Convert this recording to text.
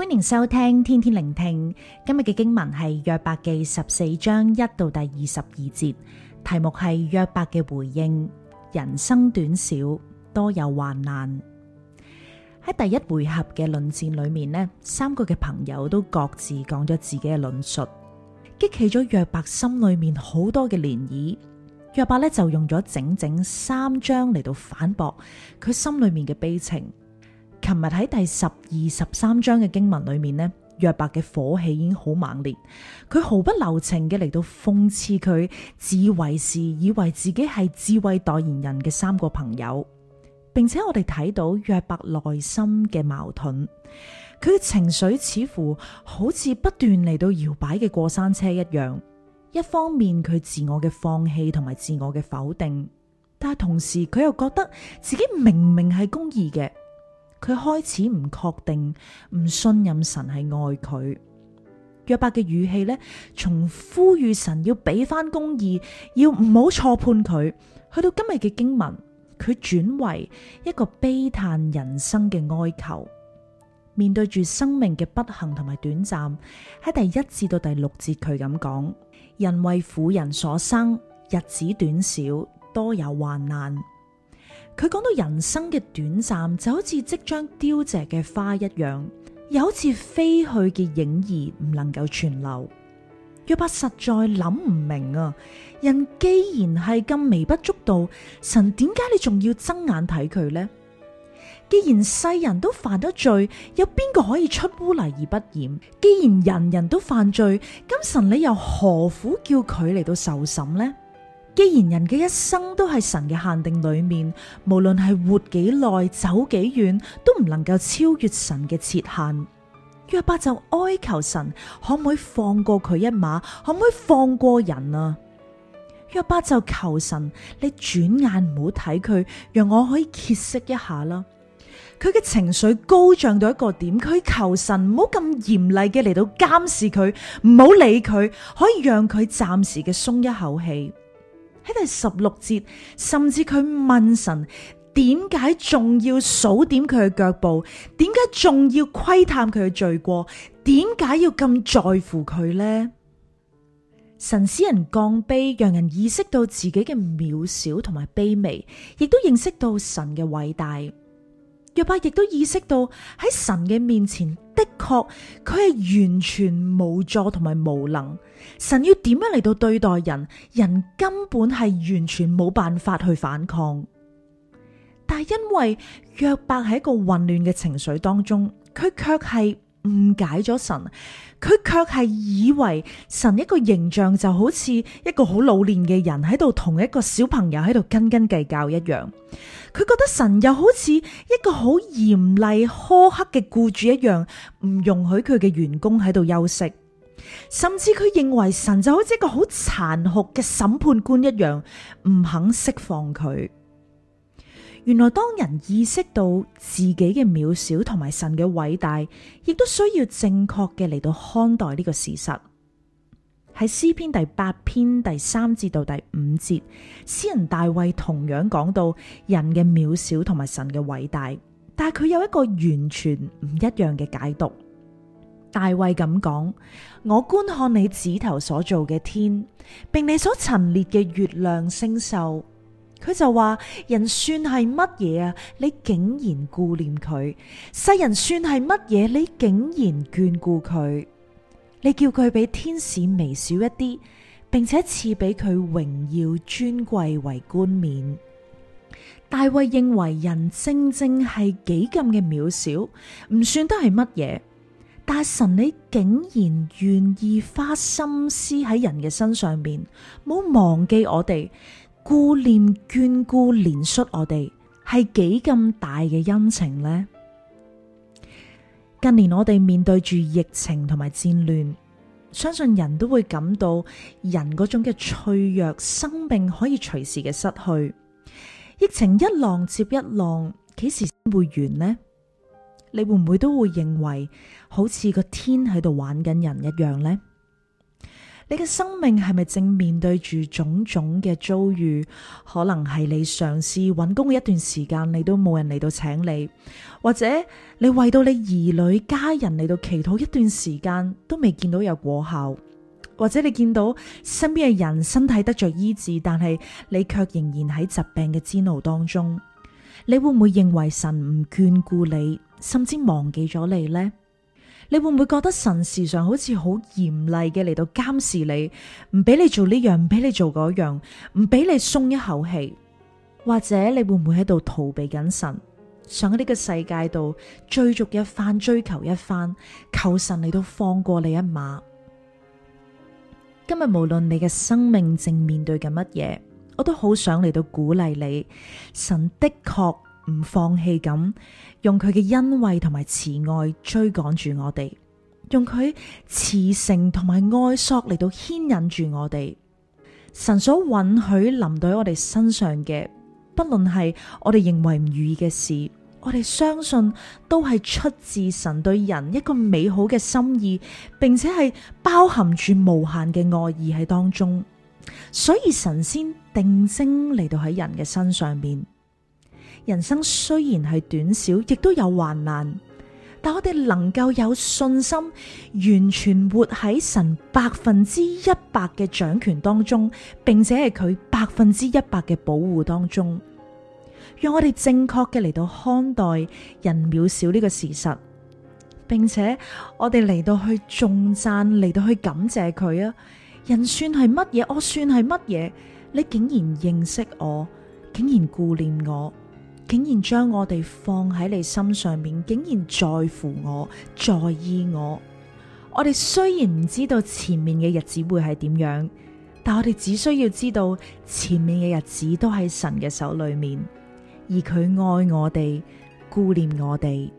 歡迎收聽天天聆聽。今日嘅經文係約伯記十四章一到第二十二節，題目係約伯嘅回應。人生短少，多有患難。喺第一回合嘅論戰裏面呢，三個嘅朋友都各自講咗自己嘅論述，激起咗約伯心裏面好多嘅漣漪。約伯咧就用咗整整三章嚟到反駁佢心裏面嘅悲情。琴日喺第十二、十三章嘅經文裏面呢，約伯嘅火氣已經好猛烈，佢毫不留情嘅嚟到諷刺佢自以為是，以為自己係智慧代言人嘅三個朋友，並且我哋睇到約伯內心嘅矛盾，佢嘅情緒似乎好似不斷嚟到搖擺嘅過山車一樣。一方面佢自我嘅放棄同埋自我嘅否定，但係同時佢又覺得自己明明係公義嘅。佢開始唔確定，唔信任神係愛佢。約伯嘅語氣咧，從呼籲神要俾翻公義，要唔好錯判佢，去到今日嘅經文，佢轉為一個悲嘆人生嘅哀求。面對住生命嘅不幸同埋短暫，喺第一至到第六節，佢咁講：人為婦人所生，日子短少，多有患難。佢講到人生嘅短暫，就好似即將凋謝嘅花一樣，又好似飛去嘅影兒，唔能夠存留。約伯實在諗唔明啊！人既然係咁微不足道，神點解你仲要睜眼睇佢呢？既然世人都犯咗罪，有邊個可以出污泥而不染？既然人人都犯罪，咁神你又何苦叫佢嚟到受審呢？既然人嘅一生都係神嘅限定裏面，無論係活幾耐、走幾遠，都唔能夠超越神嘅設限。約伯就哀求神，可唔可以放過佢一馬？可唔可以放過人啊？約伯就求神，你轉眼唔好睇佢，讓我可以歇息一下啦。佢嘅情緒高漲到一個點，佢求神，唔好咁嚴厲嘅嚟到監視佢，唔好理佢，可以讓佢暫時嘅鬆一口氣。喺第十六節，甚至佢問神點解仲要數點佢嘅腳步，點解仲要窺探佢嘅罪過，點解要咁在乎佢呢？神使人降卑，讓人意識到自己嘅渺小同埋卑微，亦都認識到神嘅偉大。約伯亦都意識到，喺神嘅面前，的確佢係完全無助同埋無能，神要點樣嚟到對待人，人根本係完全冇辦法去反抗。但係因為約伯喺一個混亂嘅情緒當中，佢卻係，誤解咗神，佢卻係以為神一個形象就好似一個好老練嘅人喺度同一個小朋友喺度斤斤計較一樣。佢覺得神又好似一個好嚴厲苛刻嘅雇主一樣，唔容許佢嘅員工喺度休息，甚至佢認為神就好似一個好殘酷嘅審判官一樣，唔肯釋放佢。原來當人意識到自己嘅渺小同埋神嘅偉大，亦都需要正確嘅嚟到看待呢個事實。喺詩篇第八篇第三至到第五節，詩人大衛同樣講到人嘅渺小同埋神嘅偉大，但係佢有一個完全唔一樣嘅解讀。大衛咁講：我觀看你指頭所做嘅天，並你所陳列嘅月亮星宿。佢就話：人算係乜嘢啊？你竟然顧念佢。世人算係乜嘢？你竟然眷顧佢。你叫佢比天使微小一啲，並且賜俾佢榮耀尊貴為冠冕。大衛認為人正正係幾咁嘅渺小，唔算得係乜嘢。但神，你竟然願意花心思喺人嘅身上面，唔好忘記我哋。顧念眷顧憐恤我哋，係幾咁大嘅恩情呢？近年我哋面對住疫情同埋戰亂，相信人都會感到人嗰種嘅脆弱，生命可以隨時嘅失去。疫情一浪接一浪，幾時會完呢？你會唔會都會認為好似個天喺度玩緊人一樣呢？你嘅生命係咪正面對住種種嘅遭遇？可能係你嘗試揾工嘅一段時間，你都冇人嚟到請你，或者你為到你兒女家人嚟到祈禱一段時間，都未見到有果效，或者你見到身邊嘅人身體得着醫治，但係你卻仍然喺疾病嘅煎熬當中，你會唔會認為神唔眷顧你，甚至忘記咗你呢？你會唔會覺得神時常好似好嚴厲嘅嚟到監視你，唔俾你做呢樣，唔俾你做嗰樣，唔俾你鬆一口氣，或者你會唔會喺度逃避緊神，想喺呢個世界度追逐一番，追求一番，求神嚟到放過你一馬。今日無論你嘅生命正面對緊乜嘢，我都好想嚟到鼓勵你，神的確，唔放棄咁，用佢嘅恩惠同埋慈愛追趕住我哋，用佢慈繩同埋愛索嚟到牽引住我哋。神所允許臨到我哋身上嘅，不論係我哋認為唔如意嘅事，我哋相信都係出自神對人一個美好嘅心意，並且係包含住無限嘅愛意喺當中。所以神先定睛嚟到喺人嘅身上面。人生雖然係短少，亦都有患難，但我哋能夠有信心，完全活喺神百分之一百嘅掌權當中，並且係佢百分之一百嘅保護當中。讓我哋正確嘅嚟到看待人渺小呢個事實，並且我哋嚟到去頌讚嚟到去感謝佢啊！人算係乜嘢？我算係乜嘢？你竟然認識我，竟然顧念我。竟然將我哋放喺你心上面，竟然在乎我、在意我。我哋雖然唔知道前面嘅日子會係點樣，但我哋只需要知道前面嘅日子都喺神嘅手裏面，而佢愛我哋，顧念我哋。